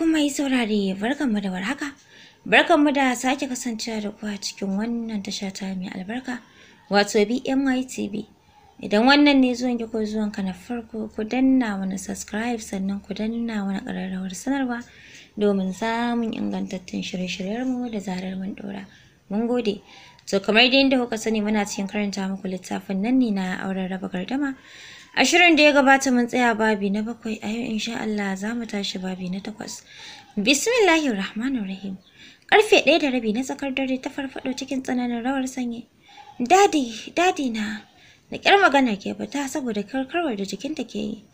Kuma yi saurare barkanmu da warhaka barkanmu da sake kasancewa da ku a cikin wannan tasha ta mai albarka wato BMY TV idan wannan ne zuwan ki ko zuwan ka na farko ku danna wani subscribe sannan ku danna wani ƙararrawar sanarwa domin samun ingantattun shirye-shiryenmu da zarar mun ɗora mun gode to kamar dai yadda kuka sani muna cikin karanta muku littafin nan ne na auren raba gardama A shirin da ya gabata mun tsaya babi na bakwai a yau insha Allah za mu tashi babi na takwas. Bismillahir Rahmanir Rahim. Karfe ɗaya da rabi na tsakar dare ta farfaɗo cikin tsananin rawar sanyi. Dadi, dadi na. Da ƙyar magana ke fita saboda karkarwar da jikinta ke yi.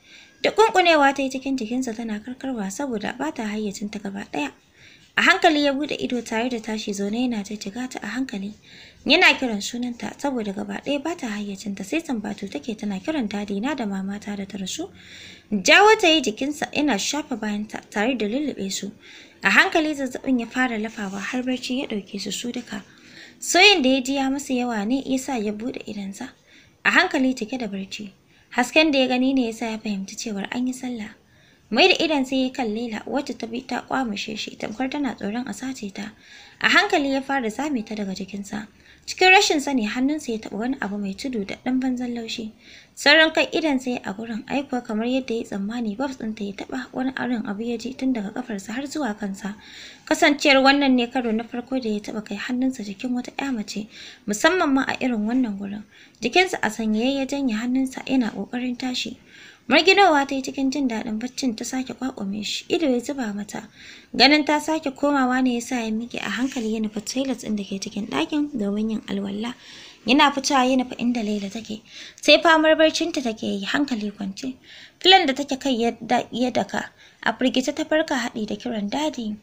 Da kunkunewa ta yi cikin jikinsa tana karkarwa saboda ba ta hayyacinta gaba ɗaya. A hankali ya buɗe ido tare da tashi zaune yana ta jigata a hankali. Yana kiran sunanta saboda gaba ɗaya ba ta hayyacinta sai sambatu take tana kiran dadina da mamata da ta rasu. Jawo ta yi jikinsa yana shafa bayanta tare da lullube su. A hankali zazzabin ya fara lafawa har barci ya ɗauke su su duka. Soyin da ya ji ya masa yawa ne ya sa ya buɗe idansa. A hankali cike da barci. Hasken da ya gani ne ya sa ya fahimci cewar an yi sallah. Mai da idan sai ya kan Laila wacce ta bi ta kwamashe shi tamkar tana tsoron a sace ta. A hankali ya fara zame ta daga jikinsa. Cikin rashin sani hannunsa ya taɓa wani abu mai tudu da ɗan banzan laushi. Sauran kai ya sai a gurin aikuwa kamar yadda ya tsammani Babs ɗinta ya taɓa wani aron abu ya ji tun daga ƙafarsa har zuwa kansa. Kasancewar wannan ne karo na farko da ya taɓa kai hannunsa jikin wata ƴa mace musamman ma a irin wannan gurin. Jikinsa a sanyaye ya janye hannunsa yana ƙoƙarin tashi. Marginowa ta yi cikin jin daɗin baccin ta sake kwakwame shi, ido ya zuba mata. Ganin ta sake komawa ne ya sa ya miƙe a hankali ya nufi toilet ɗin da ke cikin ɗakin domin yin alwala. Yana fitowa ya nufi inda Laila take, sai famar barcinta take yi hankali kwance. Filan da take kai ya daka, a firgice ta farka haɗi da kiran dadi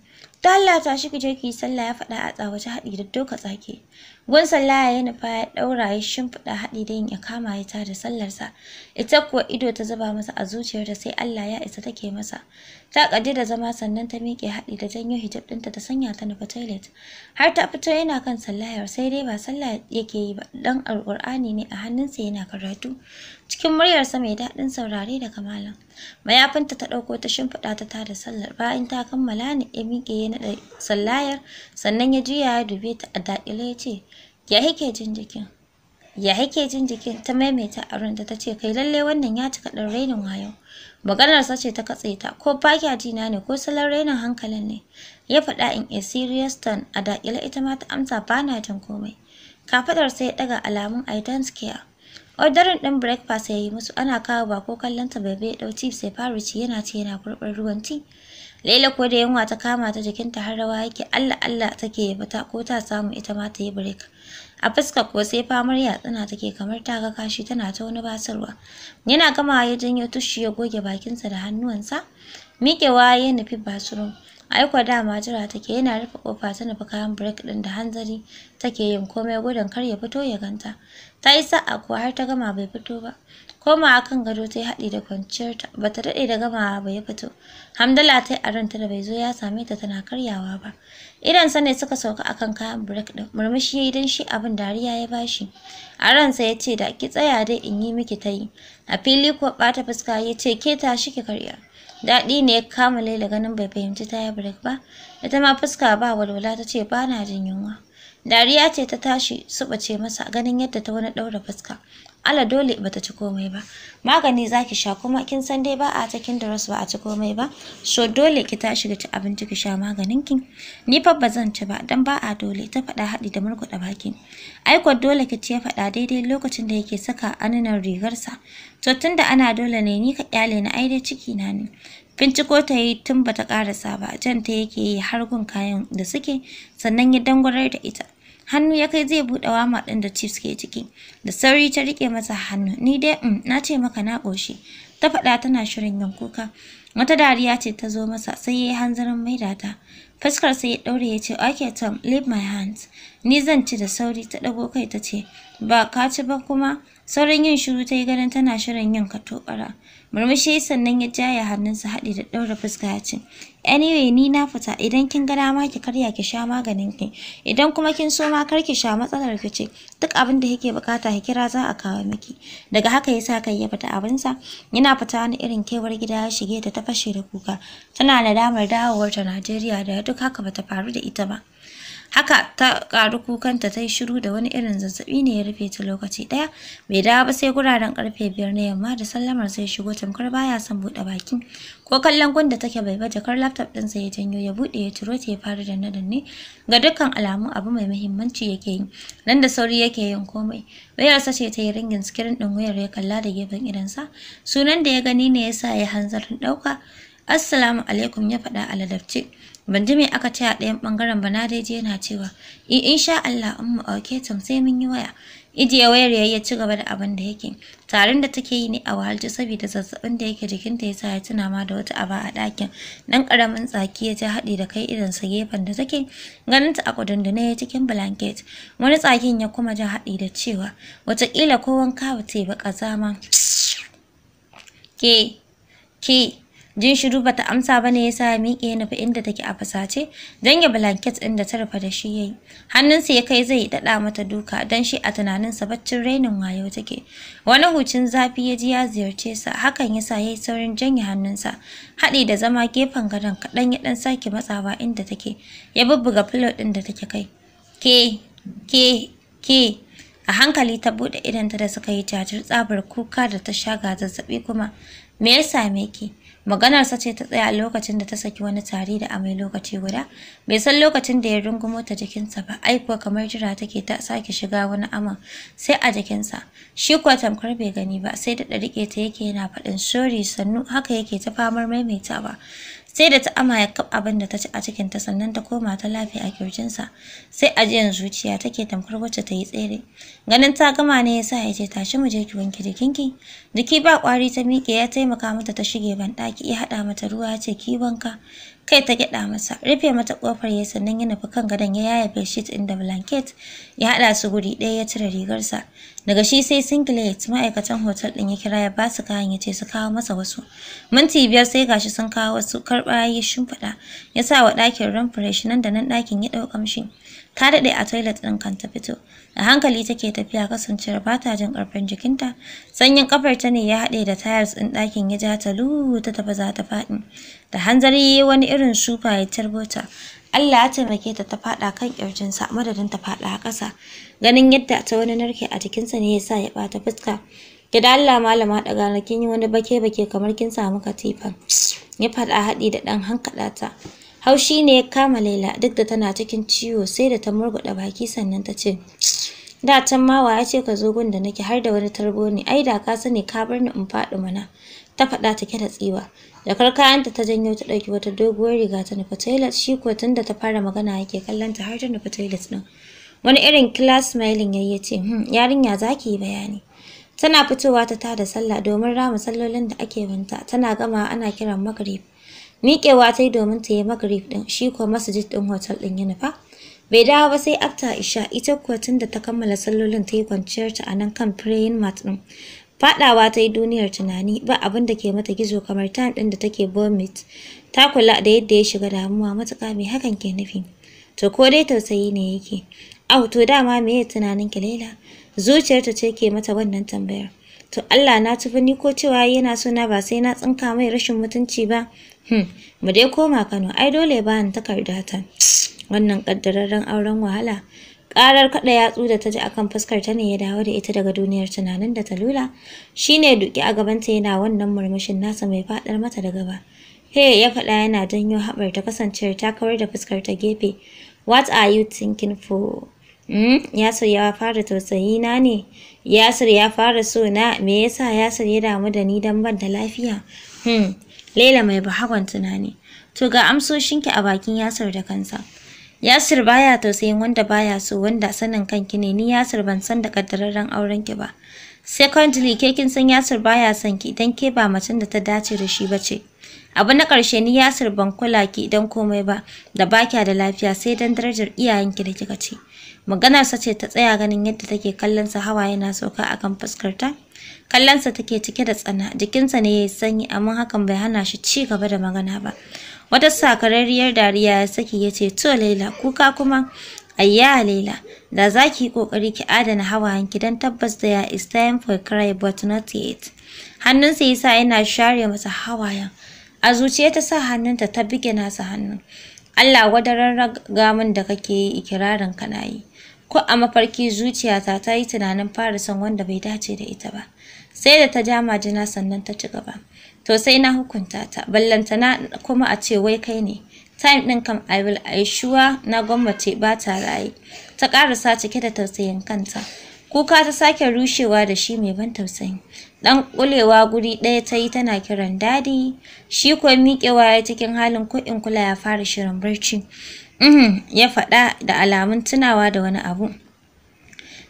ta Allah ta shi jirgin sallah ya faɗa a tsawace haɗi da doka tsake gun sallah ya nufa ya ɗaura ya shimfiɗa haɗi da yin ya kama ya ta da sallarsa ita kuwa ido ta zuba masa a zuciyarta sai Allah ya isa take masa ta kaje da zama sannan ta miƙe haɗi da janyo hijab ɗinta ta sanya ta nufa toilet har ta fito yana kan sallayar sai dai ba sallah yake yi ba dan alƙur'ani ne a hannunsa yana karatu cikin muryarsa mai daɗin saurare da kamalan mayafinta ta ɗauko ta shimfiɗa ta tada sallar bayan ta kammala ne ya miƙe ya naɗa sallayar sannan ya juya ya dube ta a daƙile ya ce ya hike jin jikin ya hike jin jikin ta maimaita a ranta ta ce kai lalle wannan ya cika ɗan rainin wayo maganarsa ce ta katse ta ko bakya jina ne ko salon rainin hankalin ne ya faɗa in a serious tone a daƙile ita ma ta amsa bana jin komai kafaɗar sai ya ɗaga alamun i don't care Ordering ɗin breakfast ya yi musu ana kawo ba ko kallon ta bai bai ɗau sai fara ci yana ci yana kurɓar ruwan ti. Laila ko da yunwa ta kama ta jikinta har rawa yake Allah Allah take fita ko ta samu ita ma ta yi break. a fuska ko sai famar yatsuna take kamar ta ga kashi tana ta wani basarwa yana gama ya janyo tushi ya goge bakinsa da hannuwansa miƙewa ya nufi basurum Aiko dama jira take yana rufe kofa ta nufi kayan break ɗin da hanzari take yin komai gudun kar ya fito ya ganta. Ta yi sa'a kuwa har ta gama bai fito ba. koma kan gado ta yi haɗi da kwanciyarta ba ta daɗe da gamawa ba ya fito hamdala ta a ranta da bai zo ya same ta tana karyawa ba sa ne suka sauka akan kayan break ɗin murmushi ya yi don shi abin dariya ya bashi a ransa ya ce da ki tsaya dai in yi miki ta yi a fili kuwa ɓata fuska ya ce ke tashi ki karya daɗi ne ya kama laila ganin bai fahimci taya yi break ba ita ma fuska ba walwala ta ce ba na jin yunwa Dariya ce ta tashi ce masa ganin yadda ta wani ɗaura fuska. Ala dole bata ci komai ba. Magani zaki sha kuma kin san dai ba a cikin daras ba a ci komai ba. So dole ki tashi ga ci abinci ki sha maganin ki. Ni fa ba zan ci ba dan ba a dole ta faɗa haɗi da murkuɗa baki. Ai dole ki ci ya faɗa daidai lokacin da yake saka aninan rigarsa. To tunda ana dole ne ni ka kyale na ai dai ciki na ne. Binciko ta yi tun bata karasa ba, jan ta yake yi har gun kayan da suke, sannan ya dangwarar da ita. hannu ya kai zai buɗe wama ɗin da chips ke ciki da sauri ta riƙe masa hannu ni dai mm, na ce maka na ƙoshi ta faɗa tana shirin yin kuka wata dariya ce ta zo masa sai ya yi hanzarin maida ta fuskar sai ya ɗaure ya ce okay tom leave my hands ni zan ci da sauri ta ɗago kai ta ce ba ka ci ba kuma Sauran yin shiru ta yi ganin tana shirin yin katobara murmushi sannan ya jaya hannunsa haɗi da ɗaura fuska ya ce Anyway, ni na fita idan kin ga dama ki karya ki sha maganin ki. Idan kuma kin so ma kar ki sha matsalar ki ce. Duk abin da yake bukata ki kira za a kawo miki. Daga haka yasa kai ya fita abin sa. Yana fita wani irin kewar gida ya shige ta ta fashe da kuka. Tana nadamar dawowar ta Najeriya da duk haka bata faru da ita ba. haka ta ƙaru kukanta ta yi shiru da wani irin zazzabi ne ya rufe ta lokaci ɗaya bai dawo ba sai guraren karfe biyar na yamma da sallamar sai shigo tamkar baya son buɗe bakin ko kallon gunda take bai ba jakar laptop ɗinsa ya janyo ya buɗe ya turo, ta ya fara danne danne ga dukkan alamu abu mai muhimmanci yake yi nan da sauri yake yin komai sa ce ta yi ringin sikirin din wayar ya kalla da gefen idansa sunan da ya gani ne ya sa ya hanzarin ɗauka assalamu alaikum ya faɗa a ban ji me aka ce a ɗayan ɓangaren ba na dai yana cewa in sha Allah in mu ɗauke tam sai mun yi waya ijiye wayar yi ya ci gaba da abin da yake tarin da take yi ne a wahalci saboda zazzabin da yake jikinta ya sa ya tuna ma da wata aba a ɗakin ɗan ƙaramin tsaki ya ta haɗi da kai idan sa gefen da take ganinta a kudundune ya cikin blanket wani tsakin ya kuma ja haɗi da cewa wataƙila ko wanka ba ta yi ba ƙazama ke ke Jin shiru bata amsa ba ne ya miƙe ya nufi inda take a fasace, janye blanket ɗin da ta rufe da shi yayi. Hannunsa ya kai zai daɗa mata duka don shi a tunaninsa baccin rainin wayo take. Wani hucin zafi ya ji ya ziyarce sa, hakan yasa yi saurin janye hannunsa. Haɗi da zama gefen gadon kaɗan ya ɗan sake matsawa inda take, ya bubbuga filo ɗin da take kai. Ke, ke, ke. A hankali ta buɗe idanta da suka yi jajir tsabar kuka da ta sha ga zazzaɓi kuma. Me ya same ki? Maganarsa ce ta tsaya lokacin da ta saki wani tari da amai lokaci guda, bai san lokacin da ya rungumo ta jikinsa ba, ai kuwa kamar jira take ta sake shiga wani aman sai a jikinsa. Shi kuwa tamkar bai gani ba, sai da rike ta yake yana faɗin sori sannu haka yake ta famar maimaitawa. sai da ta ya kaɓa abin da ta ci a cikin ta sannan ta koma ta lafi a kirjinsa sai ajiyan zuciya take tamkar wacce ta yi tsere ganin ta gama ne sa ya ce tashi mu je ki wanke jikinki jiki ba ƙwari ta miƙe ya taimaka mata ta shige ban ɗaki ya haɗa mata ruwa ya ce ki wanka kai ta gyada masa rufe mata kofar ya sannan ya nufi kan gadon ya yaya bedsheet din da blanket ya hada su guri ɗaya ya cire rigarsa daga shi sai singlet ma'aikatan hotel din ya kira ya ba su kayan ya ce su kawo masa wasu minti biyar sai gashi sun kawo wasu karɓa ya shimfiɗa ya sa wa ɗakin ran fresh nan da nan ɗakin ya ɗau ƙamshi ta daɗe a toilet ɗin kan ta fito a hankali take tafiya kasancewar ba ta jin ƙarfin jikinta sanyin ƙafar ta ne ya haɗe da tires ɗin ɗakin ya ja ta lu ta tafi za ta faɗi da hanzari wani irin shuka ya tarbo ta Allah ya taimake ta ta faɗa kan ƙirjinsa madadin ta faɗa a ƙasa ganin yadda ta wani narke a jikinsa ne ya sa ya ɓata fuska Gida Allah malama daga kin yi wani bake-bake kamar kin samu katifan ya faɗa haɗi da ɗan hankaɗa ta Haushi ne ya kama Laila duk da tana cikin ciwo sai da ta murguɗa baki sannan ta ce da can ma wa ya ce ka zo gun nake har da wani tarbo ne ai da ka sani ka bar ni in faɗi mana ta faɗa take da tsiwa jakar kayanta ta janyo ta ɗauki wata doguwar riga ta nufa toilet shi ko tun da ta fara magana yake kallon ta har ta nufa toilet ɗin wani irin class smiling yayi ya ce hmm yarinya za ki yi bayani tana fitowa ta tada sallah domin rama sallolin da ake banta tana gama ana kiran magrib miƙewa ta yi domin ta yi magrib ɗin shi kuwa masjid ɗin hotel ɗin yana nufa bai dawo ba sai afta isha ita kuwa tun da ta kammala sallolin ta yi kwanciyar ta anan kan praying mat ɗin faɗawa ta yi duniyar tunani ba abin da ke mata gizo kamar tan ɗin da take vomit ta kula da yadda ya shiga damuwa matuƙa mai hakan ke nufi to ko dai tausayi ne yake au to dama meye tunanin ki zuciyarta ce ke mata wannan tambayar to Allah na tufi ni ko cewa yana so na ba sai na tsinka mai rashin mutunci ba hmm mu dai koma Kano ai dole ba ni takarda ta wannan kaddararren auren wahala Ƙarar kaɗa yatsu da ta ji akan fuskar ta ne ya dawo da ita daga duniyar tunanin da ta lula. Shi ne a a ta yana wannan murmushin nasa mai faɗar mata da gaba. Hey ya faɗa yana janyo haɓar ta kasancewar ta kawar da fuskar ta gefe. What are you thinking for? Mm, Yasir ya fara tausayi na ne. Yasir ya fara so na me yasa Yasir ya damu da ni dan ban da lafiya? Hmm. Laila mai bahagon tunani. To ga amsoshinki a bakin Yasir da kansa. Yasir baya tausayin wanda baya so wanda sanin kanki ne ni Yasir ban san da kaddararren auren ki ba. Secondly ke kin san Yasir baya son ki idan ke ba macen da ta dace da shi bace. Abu na ƙarshe ni Yasir ban kula ki idan komai ba da bakya da lafiya sai dan darajar iyayenki da kika ce. Maganarsa ce ta tsaya ganin yadda take kallonsa sa yana na sauka akan fuskarta. Kallonsa take cike da tsana, jikinsa ne yayi sanyi amma hakan bai hana shi ci gaba da magana ba. Wata sakararriyar dariya ya saki ya ce, To Laila, kuka kuma, ayya Laila, da za ki yi ƙoƙari ki adana hawayenki don tabbas da ya is time for cry but not yet. Hannunsa ya sa yana share masa hawayen. A zuciya ta sa hannunta ta bige nasa hannun. Allah wadaran ragamun da kake yi ikirarin kana yi. ko a mafarki zuciyata ta yi tunanin fara son wanda bai dace da ita ba sai da ta ja majina sannan ta ci gaba to sai na hukunta ta ballantana kuma a ce wai kai ne time din kam i will i sure na gwammace ba ta raye ta karasa cike da tausayin kanta kuka ta sake rushewa da shi mai ban tausayi dan kulewa guri ɗaya ta yi tana kiran dadi shi kuwa miƙewa ya cikin halin ko in kula ya fara shirin barci Mhm, ya faɗa da alamun tunawa da wani abu.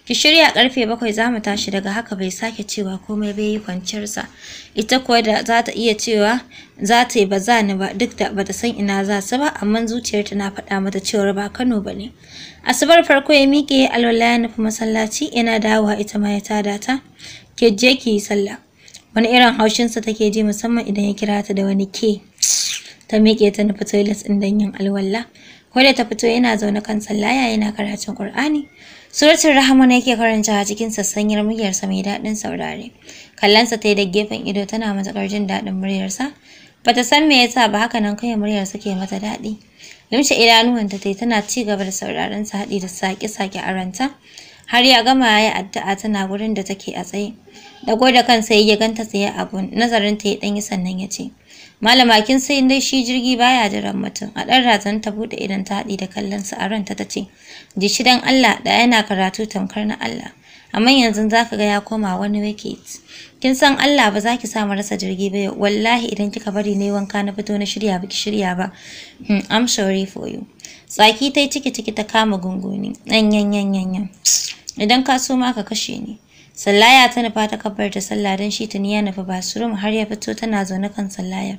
Ki shirya ƙarfe bakwai za mu tashi daga haka bai sake cewa komai bai yi kwanciyarsa. Ita kuwa da za ta iya cewa za ta yi ba za ni ba duk da bata san ina za su ba amma zuciyarta na faɗa mata cewar ba Kano ba ne. Asabar farko ya miƙe alwala ya nufi masallaci yana dawowa ita ma ya tada ta. Ke je ki yi sallah. Wani irin haushinsa take ji musamman idan ya kira ta da wani ke. Ta miƙe ta nufi toilet ɗin don yin alwala. wanda ta fito yana zaune kan sallaya yana karatun Qur'ani. Suratul Rahman yake karanta a cikin sassanyar muryarsa mai daɗin saurare. Kallansa ta yi da gefen ido tana matuƙar jin daɗin muryarsa. Bata san me yasa ba haka nan muryar sa ke mata daɗi. Limshe idanuwanta ta yi tana ci gaba da sauraron sa haɗi da saƙe-saƙe a ranta. Har ya gama yayi addu'a tana gurin da take a tsaye. Dago da kansa ya ganta tsaye a nazarin ta ya ɗan yi sannan ya ce, Malama kin sai dai shi jirgi baya jiran mutum. A ɗan razan ta buɗe idan ta haɗi da kallon sa a ranta ta ce, Jishi dan Allah da yana karatu tamkar na Allah. Amma yanzu za ka ga ya koma wani wicket. Kin san Allah ba za ki sa mu rasa jirgi ba wallahi idan kika bari na wanka na fito na shirya ba shirya ba. Hmm, I'm sorry for you. Tsaki ta yi ciki ciki ta kama gunguni. yan yan yan Idan ka so ma ka kashe ni. Sallaya ta nufa ta kafar ta sallah don shi ta tuni ya nufi basurum har ya fito tana zaune kan sallayar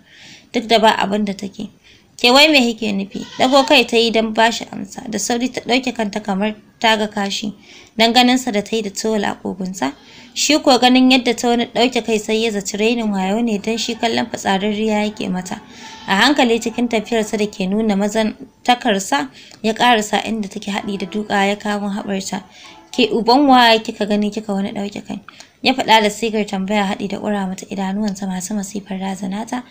duk da ba abin da take. Ke wai me yake nufi? Dago kai ta yi don ba shi amsa da sauri ta ɗauke kanta kamar ta ga kashi don ganinsa da ta yi da towel a kogunsa. Shi ko ganin yadda ta wani ɗauke kai sai ya zaci rainin wayo ne don shi kallon fitsararriya yake mata. A hankali cikin tafiyarsa da ke nuna mazan takarsa ya ƙarasa inda take haɗi da duka ya kawo haɓarta. Ke uban waye kika gani kika wani ɗauke kai? Ya faɗa da sigar tambaya haɗi da ƙura mata idanuwansa masu masifar razanata.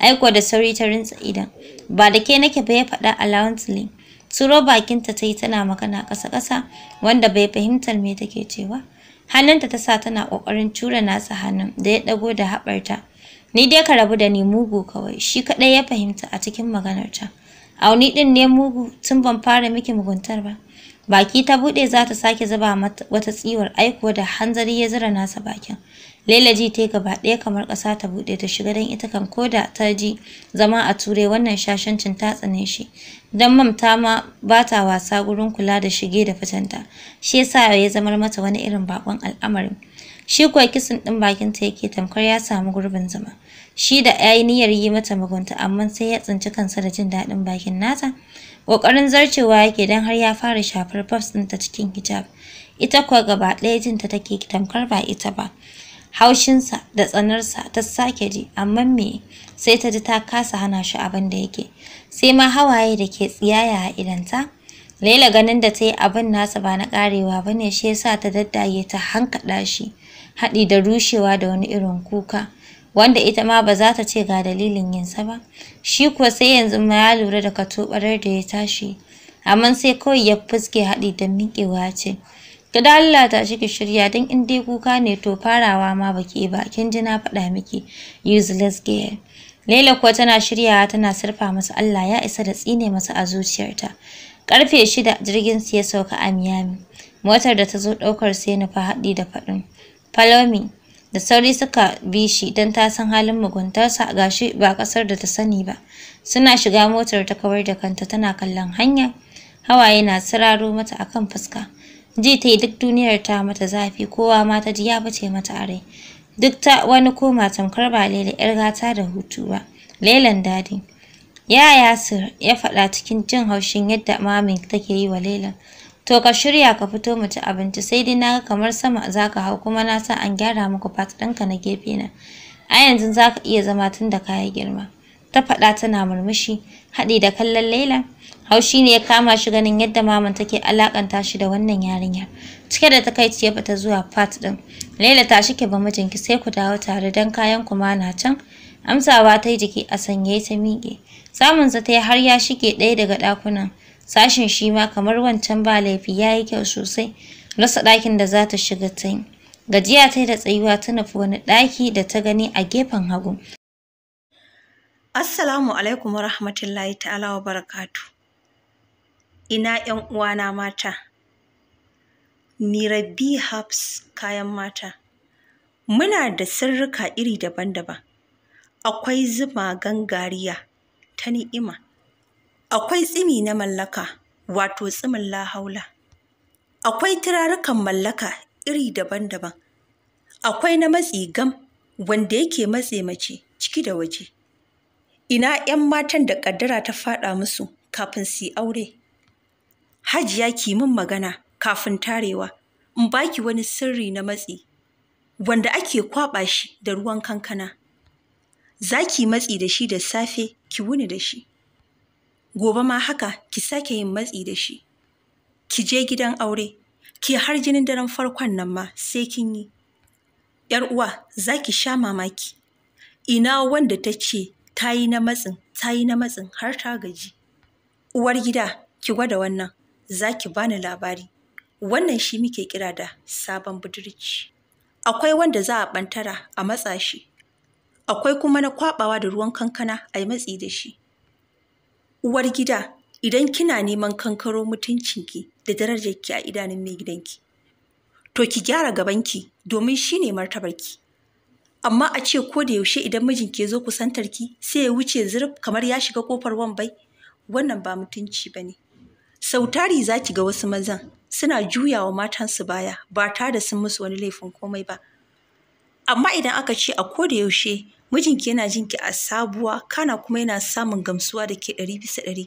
Aiko da sauri ta rintsa idan. Ba da ke nake ba ya faɗa allowantly. Turo bakinta ta yi tana magana ƙasa-ƙasa wanda bai fahimtar me take cewa. Hannunta ta sa tana ƙoƙarin tura nasa hannun da ya ɗago da haɓarta. Ni dai ka rabu da ni mugu kawai, shi kaɗai ya fahimta a cikin maganarta. auni ɗin ne mugu tun ban fara miki muguntar ba baki ta buɗe za ta sake zuba mata wata tsiwar aiko da hanzari ya zira nasa bakin Laila ji ta gaba ɗaya kamar ƙasa ta buɗe ta shiga don ita kan koda ta ji zama a turai wannan shashancin ta tsane shi. Don mamta ma ba ta wasa gurin kula da shige da fitanta, shi yasa ya zamar mata wani irin bakon al'amarin. Shi kuwa kisan ɗin bakinta ta yake tamkar ya samu gurbin zama. Shi da ya yi niyyar yi mata mugunta amma sai ya tsinci kansa da jin daɗin bakin nata. Ƙoƙarin zarcewa yake don har ya fara shafar puffs ta cikin hijab. Ita kuwa gaba ɗaya jinta take tamkar ba ita ba. Haushinsa da tsanarsa ta sake ji, amma me sai ta ji ta kasa hana shi abin da yake. Sai ma hawaye da ke tsiyaya a idanta. Laila ganin da ta yi abin nasa ba na ƙarewa ba ne shi yasa ta daddaye ta hankaɗa shi, haɗi da rushewa da wani irin kuka. wanda ita ma ba za ta ce ga dalilin yinsa ba shi kuwa sai yanzu ma ya lura da katobarar da ya tashi amma sai kawai ya fuske haɗi da miƙewa ce Ka da Allah shi ki shirya don in dai kuka ne to farawa ma baki ba kin ji na faɗa miki useless girl Laila kuwa tana shiryawa tana surfa masa Allah ya isa da tsine masa a zuciyarta karfe shida jirgin su ya sauka a Miami motar da ta zo ɗaukar sai nufa haɗi da faɗin follow me da sauri suka bi shi don ta san halin muguntarsa gashi ba ƙasar da ta sani ba suna shiga motar ta kawar da kanta tana kallon hanya hawaye na siraro mata akan fuska ji ta yi duk duniyar ta mata zafi kowa ma ta ji ya bace mata a rai duk ta wani koma tamkar ba lele yar gata da hutu ba lelan dadi Yaya yasir ya faɗa cikin jin haushin yadda mamin take yi wa lelan To ka shirya ka fito mu ci abinci sai dai naga kamar sama za ka hau kuma na san an gyara muku fat ɗinka na gefe na. A yanzu za ka iya zama tun da kaya girma. Ta faɗa tana murmushi haɗi da kallon Laila. Haushi ne ya kama shi ganin yadda maman take alakanta shi da wannan yarinyar. Cike da takaici ya fita zuwa fat ɗin. Laila ta shike ba mijinki sai ku dawo tare don kayan ku ma na can. Amsawa ta yi jiki a sanye ta miƙe. Samunsa ta yi har ya shige ɗaya daga ɗakunan. Sashen shi ma kamar wancan ba laifi ya yi kyau sosai. Rasa ɗakin da za ta shiga ta yi. Gajiya ta yi da tsayuwa ta nufi wani ɗaki da ta gani a gefen hagu. Assalamu alaikum wa rahmatullahi ta'ala wa barakatu. Ina ‘yan uwana mata, ni Rabi Hafs kayan mata. Muna da sirrika iri daban-daban. Akwai zuma gangariya ta ni'ima, akwai tsimi na mallaka wato tsimin lahaula akwai turarukan mallaka iri daban-daban akwai na matsi gam wanda yake matse mace ciki da waje ina 'yan matan da ƙaddara ta faɗa musu kafin su aure hajiya ki min magana kafin tarewa in baki wani sirri na matsi wanda ake kwaɓa shi da ruwan kankana za ki matsi da shi da safe ki wuni da shi gobe ma haka ki sake yin matsi da shi ki je gidan aure ki har jinin daren farkon nan ma sai kin yi yar uwa za ki sha mamaki ina wanda ta ce ta yi na matsin ta yi na matsin har ta gaji uwar gida ki gwada wannan za ki bani labari wannan shi muke kira da sabon budurci akwai wanda za a ɓantara a matsa shi akwai kuma na kwaɓawa da ruwan kankana a yi matsi da shi Uwar gida, idan kina neman kankaro mutuncinki da darajarki a idanun mai gidanki, to ki gyara gabanki domin shi ne martabarki. Amma a ce ko da yaushe idan mijinki ya zo kusantarki sai ya wuce zurf kamar ya shiga kofar wambai, wannan ba mutunci ba ne. Sautari za ki ga wasu mazan suna juyawa matansu baya ba tare da sun musu wani laifin komai ba. Amma idan aka ce a ko da yaushe mijinki yana jin ki a sabuwa kana kuma yana samun gamsuwa da ke ɗari bisa ɗari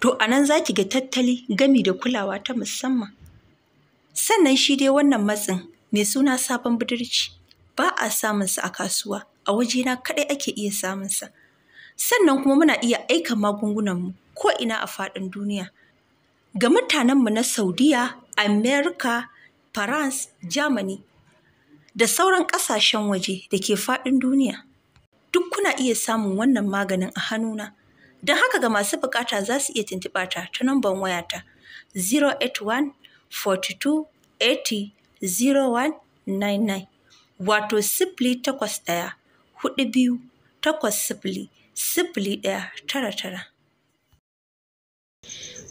to a nan za ki ga tattali gami da kulawa ta musamman sannan shi dai wannan matsin mai suna sabon budurci ba a samunsa a kasuwa a wajena kaɗai ake iya samunsa sannan kuma muna iya aika magungunanmu ko ina a faɗin duniya ga mutanenmu na saudiya america france germany da sauran ƙasashen waje da ke faɗin duniya duk kuna iya samun wannan maganin a hannuna. Don haka ga masu bukata za su iya tuntuɓa ta ta wayata 081-42-80-0199 wato sifili takwas ɗaya hudu biyu takwas sifili sifili ɗaya tara tara.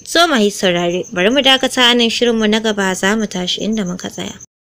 So mai saurare, bari mu dakata nan shirinmu na gaba za mu tashi inda muka tsaya.